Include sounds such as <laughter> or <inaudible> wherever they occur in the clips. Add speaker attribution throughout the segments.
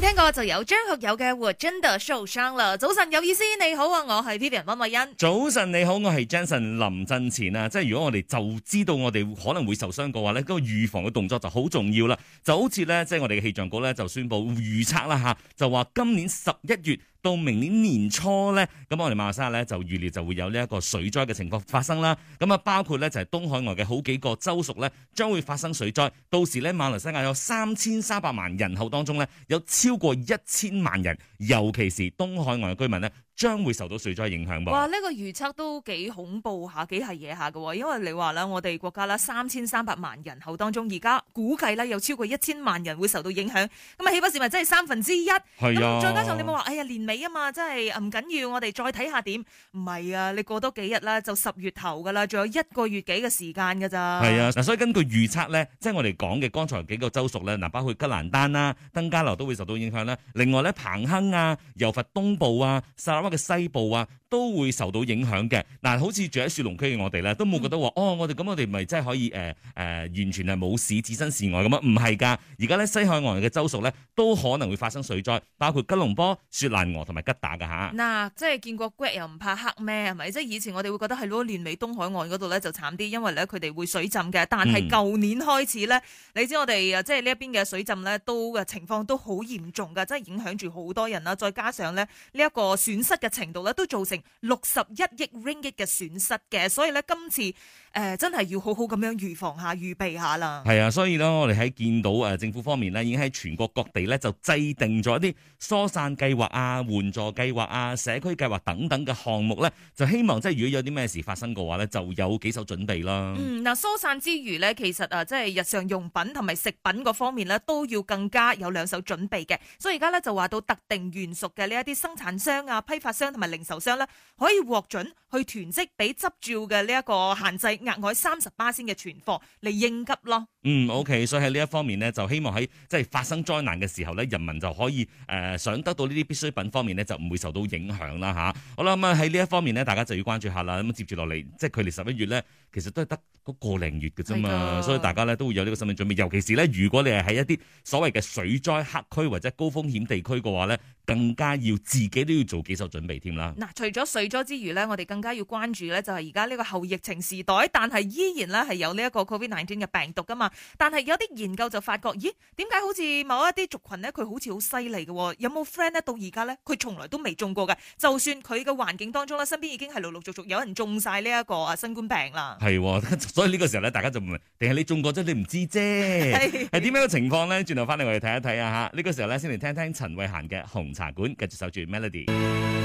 Speaker 1: 聽過就有張學友嘅《我真的受傷了》啦。早晨有意思，你好，啊，我係 Vivian 溫慧欣。
Speaker 2: 早晨你好，我係 Jason 林振前啊。即係如果我哋就知道我哋可能會受傷嘅話咧，嗰、那個預防嘅動作就好重要啦。就好似咧，即係我哋嘅氣象局咧就宣佈預測啦吓，就話今年十一月。到明年年初呢，咁我哋馬來西亞呢就預料就會有呢一個水災嘅情況發生啦。咁啊，包括呢，就係東海岸嘅好幾個州屬呢將會發生水災。到時呢，馬來西亞有三千三百萬人口當中呢，有超過一千萬人，尤其是東海岸嘅居民呢，將會受到水災影響噃？
Speaker 1: 哇！呢個預測都幾恐怖下，幾係嘢下嘅，因為你話啦，我哋國家啦三千三百萬人口當中，而家估計啦有超過一千萬人會受到影響。咁啊，豈不是咪真係三分之一？係啊！再加上你冇話，哎呀，年尾啊嘛，真係唔緊要，我哋再睇下點？唔係啊，你過多幾日啦，就十月頭㗎啦，仲有一個月幾嘅時間㗎咋？係啊！嗱，所以
Speaker 2: 根據預測咧，即係我哋講嘅剛才幾個州屬咧，嗱，包括吉蘭丹啦、登嘉樓都會受到影響啦。另外咧，彭亨啊、柔佛東部啊、嘅西部啊，都會受到影響嘅。嗱、呃，好似住喺雪隆區嘅我哋咧，都冇覺得話、嗯、哦，我哋咁我哋咪真係可以誒誒、呃呃、完全係冇事置身事外咁樣唔係㗎，而家咧西海岸嘅州屬咧，都可能會發生水災，包括吉隆坡、雪蘭莪同埋吉打嘅吓，
Speaker 1: 嗱，即係見過鬼又唔怕黑咩？係咪？即係以前我哋會覺得係咯，年尾東海岸嗰度咧就慘啲，因為咧佢哋會水浸嘅。但係舊年開始咧，你知我哋啊，即係呢一邊嘅水浸咧，都嘅情況都好嚴重㗎，即係影響住好多人啦、啊。再加上咧呢一個損失，嘅程度咧，都造成六十一億 ringgit 嘅損失嘅，所以咧今次。誒、呃，真係要好好咁樣預防下、預備下啦。
Speaker 2: 係啊，所以呢，我哋喺見到誒、啊，政府方面呢已經喺全國各地呢，就制定咗一啲疏散計劃啊、援助計劃啊、社區計劃等等嘅項目呢就希望即係如果有啲咩事發生嘅話呢，就有幾手準備啦。嗯，
Speaker 1: 嗱，疏散之餘呢，其實、啊、即係日常用品同埋食品嗰方面呢，都要更加有兩手準備嘅。所以而家呢，就話到特定原屬嘅呢一啲生產商啊、批發商同埋零售商呢，可以獲准去囤積，俾執照嘅呢一個限制。額外三十巴仙嘅存貨嚟應急咯。
Speaker 2: 嗯，OK，所以喺呢一方面呢，就希望喺即係發生災難嘅時候咧，人民就可以誒、呃、想得到呢啲必需品方面呢，就唔會受到影響啦。吓、啊、好啦，咁喺呢一方面呢，大家就要關注下啦。咁、嗯、接住落嚟即係距離十一月咧，其實都係得嗰個零月嘅啫嘛，的所以大家咧都會有呢個心理準備。尤其是咧，如果你係喺一啲所謂嘅水災黑區或者高風險地區嘅話咧。更加要自己都要做幾手準備添啦。
Speaker 1: 嗱，除咗睡咗之餘呢，我哋更加要關注呢，就係而家呢個後疫情時代，但係依然呢係有呢一個 Covid nineteen 嘅病毒噶嘛。但係有啲研究就發覺，咦，點解好似某一啲族群呢？佢好似好犀利嘅？有冇 friend 呢？到而家呢，佢從來都未中過嘅。就算佢嘅環境當中呢，身邊已經係陸陸續續有人中晒呢一個啊新冠病啦。
Speaker 2: 係，所以呢個時候呢，大家就問，定係你中過啫？你唔知啫？係點點樣嘅情況呢？轉頭翻嚟我哋睇一睇啊嚇。呢個時候呢，先嚟聽聽陳慧嫻嘅紅。茶館繼續守住 melody。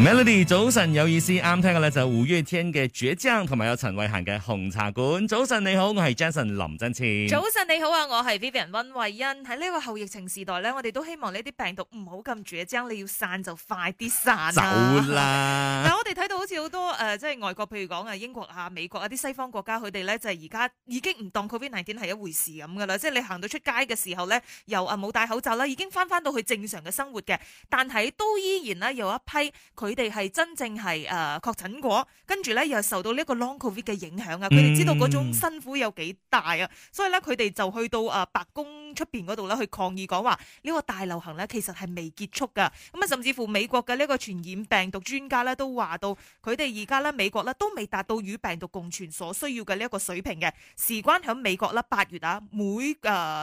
Speaker 2: Melody，早晨有意思，啱聽嘅咧就五月天嘅《倔強》，同埋有陳慧嫻嘅《紅茶館》。早晨你好，我係 Jason 林振前。早
Speaker 1: 晨你好啊，我係 Vivian 溫慧欣。喺呢個後疫情時代咧，我哋都希望呢啲病毒唔好咁倔強，你要散就快啲散，啊。走啦了！嗱，我哋睇到好似好多誒、呃，即係外國，譬如講啊英國啊、美國一啲、啊、西方國家，佢哋咧就係而家已經唔當 COVID-19 係一回事咁噶啦，即係你行到出街嘅時候咧，又啊冇戴口罩啦，已經翻翻到去正常嘅生活嘅，但係都依然咧有一批佢哋係真正係誒確診過，跟住咧又受到呢一個 Long Covid 嘅影響啊！佢哋知道嗰種辛苦有幾大啊，所以咧佢哋就去到啊白宮出邊嗰度咧去抗議說，講話呢個大流行咧其實係未結束噶。咁啊，甚至乎美國嘅呢個傳染病毒專家咧都話到，佢哋而家咧美國咧都未達到與病毒共存所需要嘅呢一個水平嘅。事關響美國啦，八月啊，每誒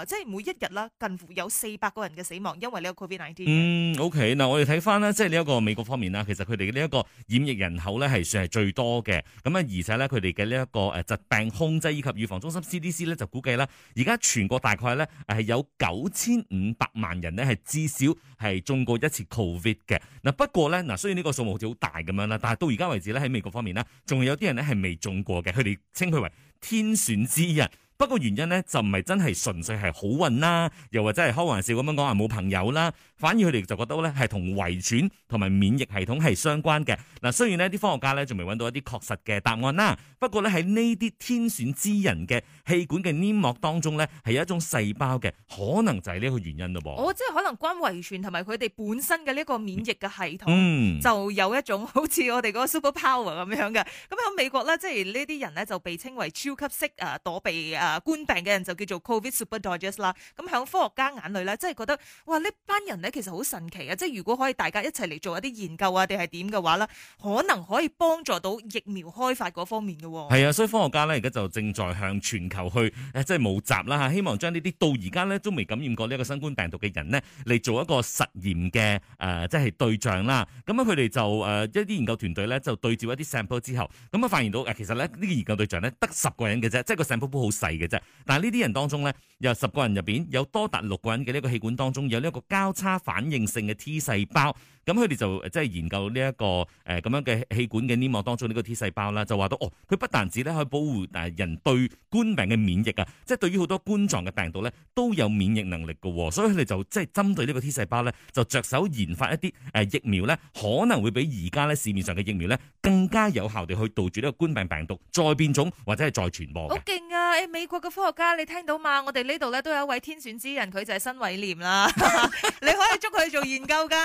Speaker 1: 即係每一日啦，近乎有四百個人嘅死亡，因為呢個 Covid nineteen。19
Speaker 2: 嗯，OK，嗱我哋睇翻咧，即係呢一個美國方面啦。其實佢哋嘅呢一個染疫人口咧係算係最多嘅，咁啊而且咧佢哋嘅呢一個誒疾病控制以及預防中心 CDC 咧就估計啦，而家全國大概咧係有九千五百萬人咧係至少係中過一次 COVID 嘅。嗱不過咧嗱，雖然呢個數目好似好大咁樣啦，但係到而家為止咧喺美國方面咧，仲有啲人咧係未中過嘅，佢哋稱佢為天選之人。不過原因咧就唔係真係純粹係好運啦，又或者係開玩笑咁樣講話冇朋友啦。反而佢哋就覺得咧係同遺傳同埋免疫系統係相關嘅。嗱，雖然咧啲科學家咧仲未揾到一啲確實嘅答案啦，不過咧喺呢啲天選之人嘅氣管嘅黏膜當中咧係有一種細胞嘅，可能就係呢個原因咯。噃，哦，
Speaker 1: 即係可能關遺傳同埋佢哋本身嘅呢個免疫嘅系統，就有一種好似我哋嗰個 super power 咁樣嘅。咁喺美國咧，即係呢啲人咧就被稱為超級識啊躲避啊冠病嘅人，就叫做 covid super digest 啦。咁響科學家眼裏咧，真係覺得哇呢班人其實好神奇啊。即係如果可以大家一齊嚟做一啲研究啊，定係點嘅話咧，可能可以幫助到疫苗開發嗰方面嘅。係
Speaker 2: 啊，所以科學家咧而家就正在向全球去誒，嗯、即係募集啦嚇，希望將這些現在呢啲到而家咧都未感染過呢一個新冠病毒嘅人呢，嚟做一個實驗嘅誒，即、呃、係、就是、對象啦。咁樣佢哋就誒、呃、一啲研究團隊咧，就對照一啲 sample 之後，咁樣發現到其實咧呢個研究對象咧得十個人嘅啫，即係個 sample 好細嘅啫。但係呢啲人當中咧，有十個人入邊有多達六個人嘅呢個器官當中有呢一個交叉反應性嘅 T 細胞。咁佢哋就即係研究呢一個誒咁樣嘅氣管嘅黏膜當中呢個 T 細胞啦，就話到哦，佢不但止咧可以保護誒人對冠病嘅免疫啊，即係對於好多冠狀嘅病毒咧都有免疫能力嘅，所以佢哋就即係針對呢個 T 細胞咧就着手研發一啲誒疫苗咧，可能會比而家咧市面上嘅疫苗咧更加有效地去杜絕呢個冠病病毒再變種或者係再傳播。好
Speaker 1: 勁啊！誒，美國嘅科學家，你聽到嘛？我哋呢度咧都有一位天選之人，佢就係新偉廉啦。 <laughs> 你可以捉佢做研究噶。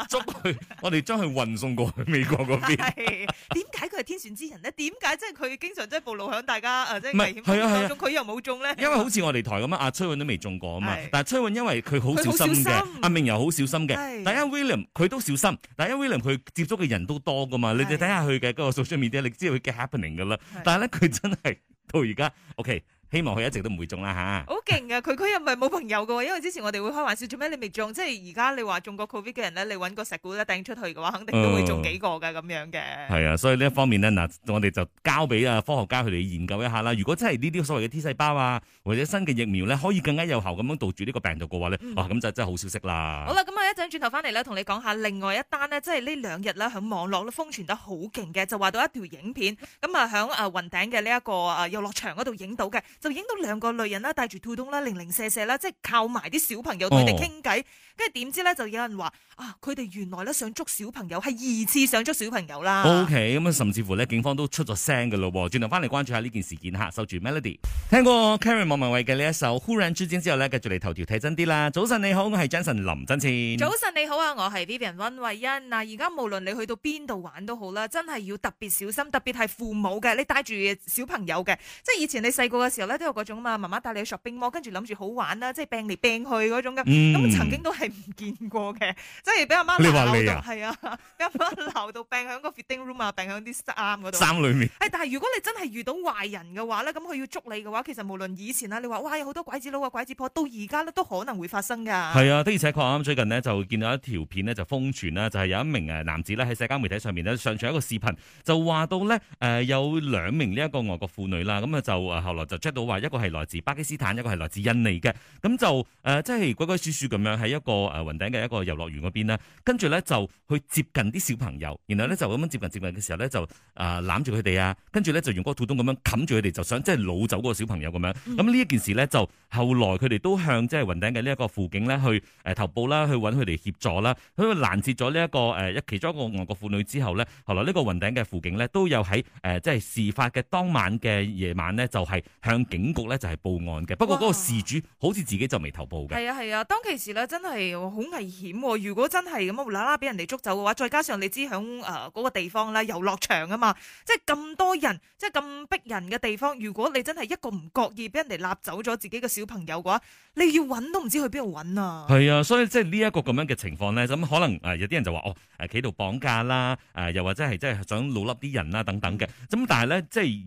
Speaker 1: <laughs> 捉
Speaker 2: 佢，我哋將佢運送過去美國嗰邊。係
Speaker 1: 點解佢係天選之人咧？點解即係佢經常即係暴露響大家是危險啊，即係唔係，係啊係啊，佢又冇中咧。因為好
Speaker 2: 似我哋台咁啊，阿崔韻都未中過啊嘛。是但係崔韻因為佢好小心嘅，佢好小心，阿明又好小心嘅。是但係 William 佢都小心，但係 William 佢接觸嘅人都多噶嘛。是你哋睇下佢嘅嗰個 social media，你知佢嘅 happening 噶啦。是但係咧，佢真係到而家 OK。希望佢一直都唔會中啦嚇，
Speaker 1: 好勁噶！佢佢又唔係冇朋友噶喎，因為之前我哋會開玩笑，做咩你未中？即係而家你話中過 COVID 嘅人咧，你揾個石鼓咧掟出去嘅話，肯定都會中幾個噶咁樣嘅。係
Speaker 2: 啊，所以呢一方面咧，嗱，我哋就交俾啊科學家佢哋研究一下啦。如果真係呢啲所謂嘅 T 細胞啊，或者新嘅疫苗咧，可以更加有效咁樣杜住呢個病毒嘅話咧，哇，咁就真係好消息啦！好
Speaker 1: 啦，咁啊一陣轉頭翻嚟咧，同你講下另外一單咧，即係呢兩日咧喺網絡咧瘋傳得好勁嘅，就話到一條影片咁啊，喺啊雲頂嘅呢一個啊遊樂場嗰度影到嘅。就影到兩個女人啦，戴住兔東啦，零零舍舍啦，即係靠埋啲小朋友佢哋傾偈，跟住點知咧就有人話啊，佢哋原來咧想捉小朋友，係二次想捉小朋友啦。O K，
Speaker 2: 咁啊，甚至乎咧警方都出咗聲㗎咯噃。轉頭返嚟關注下呢件事件吓，收住 Melody，聽過 Karen 莫文蔚嘅呢一首《忽然之間》之後咧，繼續嚟頭條睇真啲啦。早晨你好，我係 Johnson 林真前。早晨
Speaker 1: 你好啊，我係 Vivian 溫慧欣。嗱，而家無論你去到邊度玩都好啦，真係要特別小心，特別係父母嘅，你帶住小朋友嘅，即係以前你細個嘅時候都有嗰種啊嘛，媽媽帶你去索冰魔，跟住諗住好玩啦，即係病嚟病去嗰種嘅，咁、嗯、曾經都係唔見過嘅，即係俾阿媽鬧到，係啊，俾阿、啊、 <laughs> 媽鬧到病喺個 fitting room 啊，病喺啲衫嗰度，衫裏面。但係如果你真係遇到壞人嘅話咧，咁佢要捉你嘅話，其實無論以前啊，你話哇有好多拐子佬啊拐子婆，到而家咧都可能會發生㗎。係
Speaker 2: 啊，的而且確啊，最近呢，就見到一條片呢，就瘋傳啦，就係、是、有一名誒男子咧喺社交媒體上面咧上傳一個視頻，就話到咧誒有兩名呢一個外國婦女啦，咁啊就誒後來就出。到話一個係來自巴基斯坦，一個係來自印尼嘅，咁就誒即係鬼鬼祟祟咁樣喺一個誒雲頂嘅一個遊樂園嗰邊咧，跟住咧就去接近啲小朋友，然後咧就咁樣接近接近嘅時候咧就誒攬住佢哋啊，跟住咧就用嗰個土東咁樣冚住佢哋，就想即係擄走嗰個小朋友咁樣。咁呢一件事咧就後來佢哋都向即係雲頂嘅呢一個輔警咧去誒投報啦，去揾佢哋協助啦，喺度攔截咗呢一個誒一、呃、其中一個外國婦女之後咧，後來個雲頂呢個雲頂嘅輔警咧都有喺誒、呃、即係事發嘅當晚嘅夜晚咧就係、是、向。警局咧就係報案嘅，不過嗰個事主好似自己就未投報嘅。
Speaker 1: 係啊係啊，當其時咧真係好危險，哦，如果真係咁無啦啦俾人哋捉走嘅話，再加上你知響誒嗰個地方咧遊樂場啊嘛，即係咁多人，即係咁逼人嘅地方，如果你真係一個唔覺意俾人哋拉走咗自己嘅小朋友嘅話，你要搵都唔知去邊度搵啊！
Speaker 2: 係啊，所以即係呢一個咁樣嘅情況咧，咁可能誒有啲人就話哦，企度綁架啦，誒、呃、又或者係即係想努笠啲人啦等等嘅，咁但係咧即係。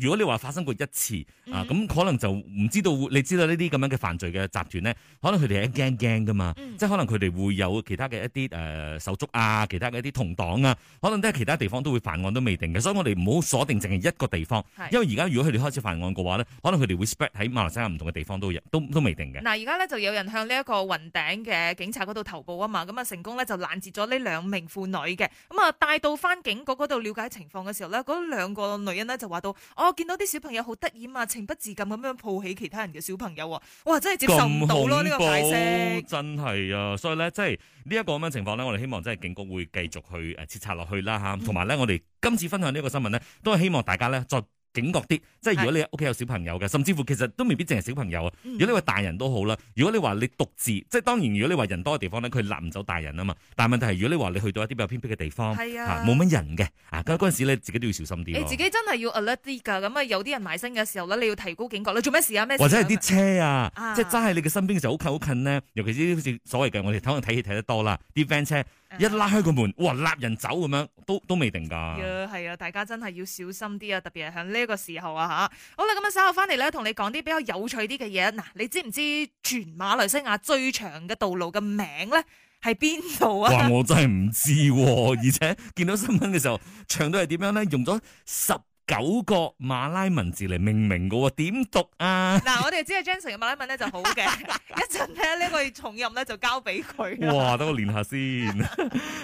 Speaker 2: 如果你話發生過一次啊，咁、嗯嗯、可能就唔知道，你知道呢啲咁樣嘅犯罪嘅集團呢，可能佢哋係 gang gang 噶嘛，嗯、即係可能佢哋會有其他嘅一啲誒、呃、手足啊，其他嘅一啲同黨啊，可能都係其他地方都會犯案都未定嘅，所以我哋唔好鎖定淨係一個地方，因為而家如果佢哋開始犯案嘅話呢，可能佢哋會 spread 喺馬來西亞唔同嘅地方都都都未定嘅。
Speaker 1: 嗱，而家呢，就有人向呢一個雲頂嘅警察嗰度投報啊嘛，咁啊成功咧就攔截咗呢兩名婦女嘅，咁啊帶到翻警局嗰度了解情況嘅時候呢，嗰兩個女人呢，就話。都，我、哦、見到啲小朋友好得意啊，情不自禁咁樣抱起其他人嘅小朋友，哇！真係接受唔到咯，呢個解釋
Speaker 2: 真係啊！所以咧，即係呢一個咁樣情況咧，我哋希望即係警局會繼續去誒徹查落去啦吓，同埋咧，嗯、我哋今次分享呢個新聞咧，都係希望大家咧再警覺啲，即係如果你屋企有小朋友嘅，甚至乎其實都未必淨係小朋友啊。如果你話大人都好啦，如果你話你獨自，即係當然如果你話人多嘅地方咧，佢擸唔走大人啊嘛。但係問題係，如果你話你去到一啲比較偏僻嘅地方，係啊，冇乜人嘅，咁嗰陣時咧自己都要小心啲。你、欸、自己
Speaker 1: 真係要 alert 啲㗎，咁啊有啲人埋身嘅時候咧，你要提高警覺。你做咩事啊？咩、啊？或者係啲
Speaker 2: 車啊，啊即係揸喺你嘅身邊嘅時候好近好近咧，尤其是啲好似所謂嘅我哋可能睇戲睇得多啦，啲 van 車。一拉開個門，哇！立人走咁樣，都都未定噶。啊，
Speaker 1: 係啊！大家真係要小心啲啊，特別係喺呢個時候啊吓。好啦，咁啊稍後翻嚟咧，同你講啲比較有趣啲嘅嘢。嗱，你知唔知全馬來西亞最長嘅道路嘅名咧係邊度啊？哇！我真
Speaker 2: 係唔知、啊， <laughs> 而且見到新聞嘅時候，長到係點樣咧？用咗十。九個馬拉文字嚟命名嘅喎，點讀啊？嗱，
Speaker 1: 我哋知阿 Jensen 嘅馬拉文咧就好嘅，一陣咧呢個重任咧就交俾佢。哇，
Speaker 2: 等我練下先。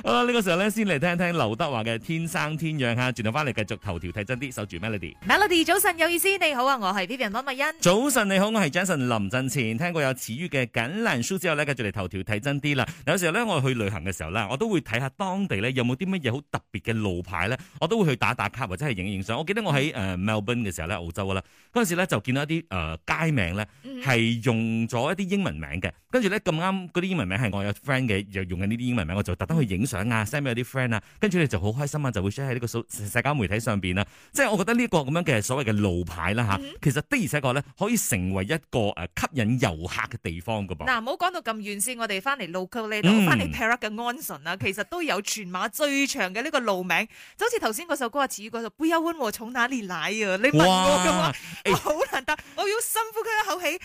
Speaker 2: 好啦，呢個時候咧先嚟聽一聽劉德華嘅《天生天養》吓，轉頭翻嚟繼續頭條睇真啲，守住 melody。
Speaker 1: Melody，早晨有意思，你好啊，我係 Vivian 温慧欣。
Speaker 2: 早晨你好，我係 Jensen 林振前。聽過有馀嘅《緊難書》之後咧，繼續嚟頭條睇真啲啦。有時候咧，我去旅行嘅時候咧，我都會睇下當地咧有冇啲乜嘢好特別嘅路牌咧，我都會去打打卡或者係影影相。我。我記得我喺誒 Melbourne 嘅時候咧，澳洲㗎啦，嗰陣時咧就見到一啲誒街名咧，係用咗一啲英文名嘅。跟住咧咁啱嗰啲英文名係我有 friend 嘅，又用緊呢啲英文名，我就特登去影相啊，send 俾有啲 friend 啊。跟住你就好開心啊，就會 share 喺呢個社交媒體上邊啦、啊、即係我覺得呢個咁樣嘅所謂嘅路牌啦嚇，嗯、其實的而且確咧可以成為一個誒吸引遊客嘅地方噶噃。嗱、啊，
Speaker 1: 唔好講到咁遠先，我哋翻嚟 local 呢度，翻嚟 Perak 嘅安順啦、啊，其實都有全馬最長嘅呢個路名，就好似頭先嗰首歌啊，似嗰首《Be Your One》從哪裏來啊？你問我嘅話，欸、我好難答，我要深呼吸一口氣。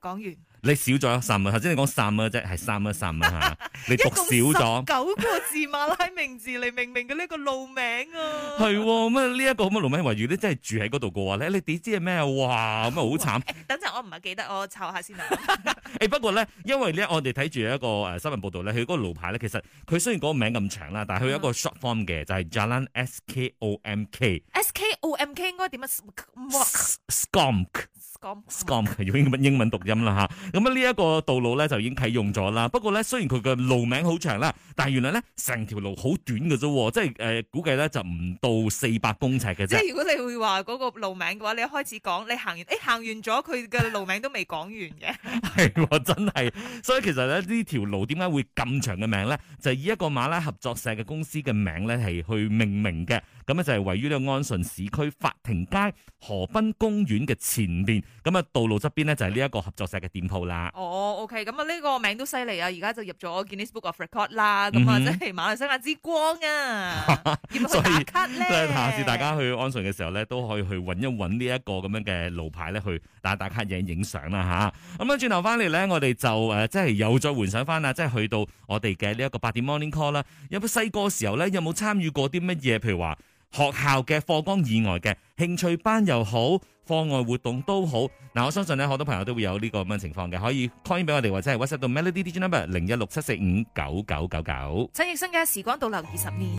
Speaker 1: 講完，
Speaker 2: 你少咗一三文，頭先你講三啫，係三三啊，你讀少咗
Speaker 1: 九個字馬拉名字，你明明嘅呢個路名
Speaker 2: 啊，係咁啊呢一個咁嘅路名，話如果你真係住喺嗰度嘅話咧，你點知係咩啊？嘩哇，咁啊好慘！
Speaker 1: 等陣我唔係記得，我查下先啦。
Speaker 2: 誒、 <laughs> 欸，不過咧，因為咧我哋睇住一個誒新聞報道咧，佢嗰個路牌咧，其實佢雖然嗰個名咁長啦，但係佢有一個 short form 嘅，就係、是、Jalan S K O M K。O、
Speaker 1: M K, S S K O M K 應該點樣
Speaker 2: s k u n Scum、um, 嘅英文英文讀音啦吓，咁啊呢一個道路咧就已經啟用咗啦。不過咧雖然佢嘅路名好長啦，但係原來咧成條路好短嘅啫，即係誒估計咧就唔到四百公尺嘅啫。即係如
Speaker 1: 果你會話嗰個路名嘅話，你一開始講，你行完誒行完咗佢嘅路名都未講完
Speaker 2: 嘅。係， <laughs> 真係。所以其實咧呢這條路點解會咁長嘅名咧？就是、以一個馬拉合作社嘅公司嘅名咧係去命名嘅。咁咧就係位於呢個安順市區法庭街河濱公園嘅前邊。咁啊，道路側邊咧就係呢一個合作社嘅店鋪啦、哦。
Speaker 1: 哦，OK，咁啊呢個名都犀利啊！而家就入咗 Guinness Book of Records 啦，咁啊即係馬來西亞之光啊！咁 <laughs> 所以，所以下次大家
Speaker 2: 去安順嘅時候咧，都可以去搵一搵呢一個咁樣嘅路牌咧，去打打卡影影相啦吓。咁啊，轉頭翻嚟咧，我哋就誒、呃，即係又再想回想翻啊，即係去到我哋嘅呢一個八點 Morning Call 啦。有冇細個時候咧，有冇參與過啲乜嘢？譬如話。學校嘅課綱以外嘅興趣班又好，課外活動都好。嗱，我相信咧，好多朋友都會有呢個咁樣情況嘅，可以 call 俾我哋或者係 WhatsApp 到 Melody d 嘅 number 零一六七四五九九九九。
Speaker 1: 陳奕迅嘅《時光倒流二十年》。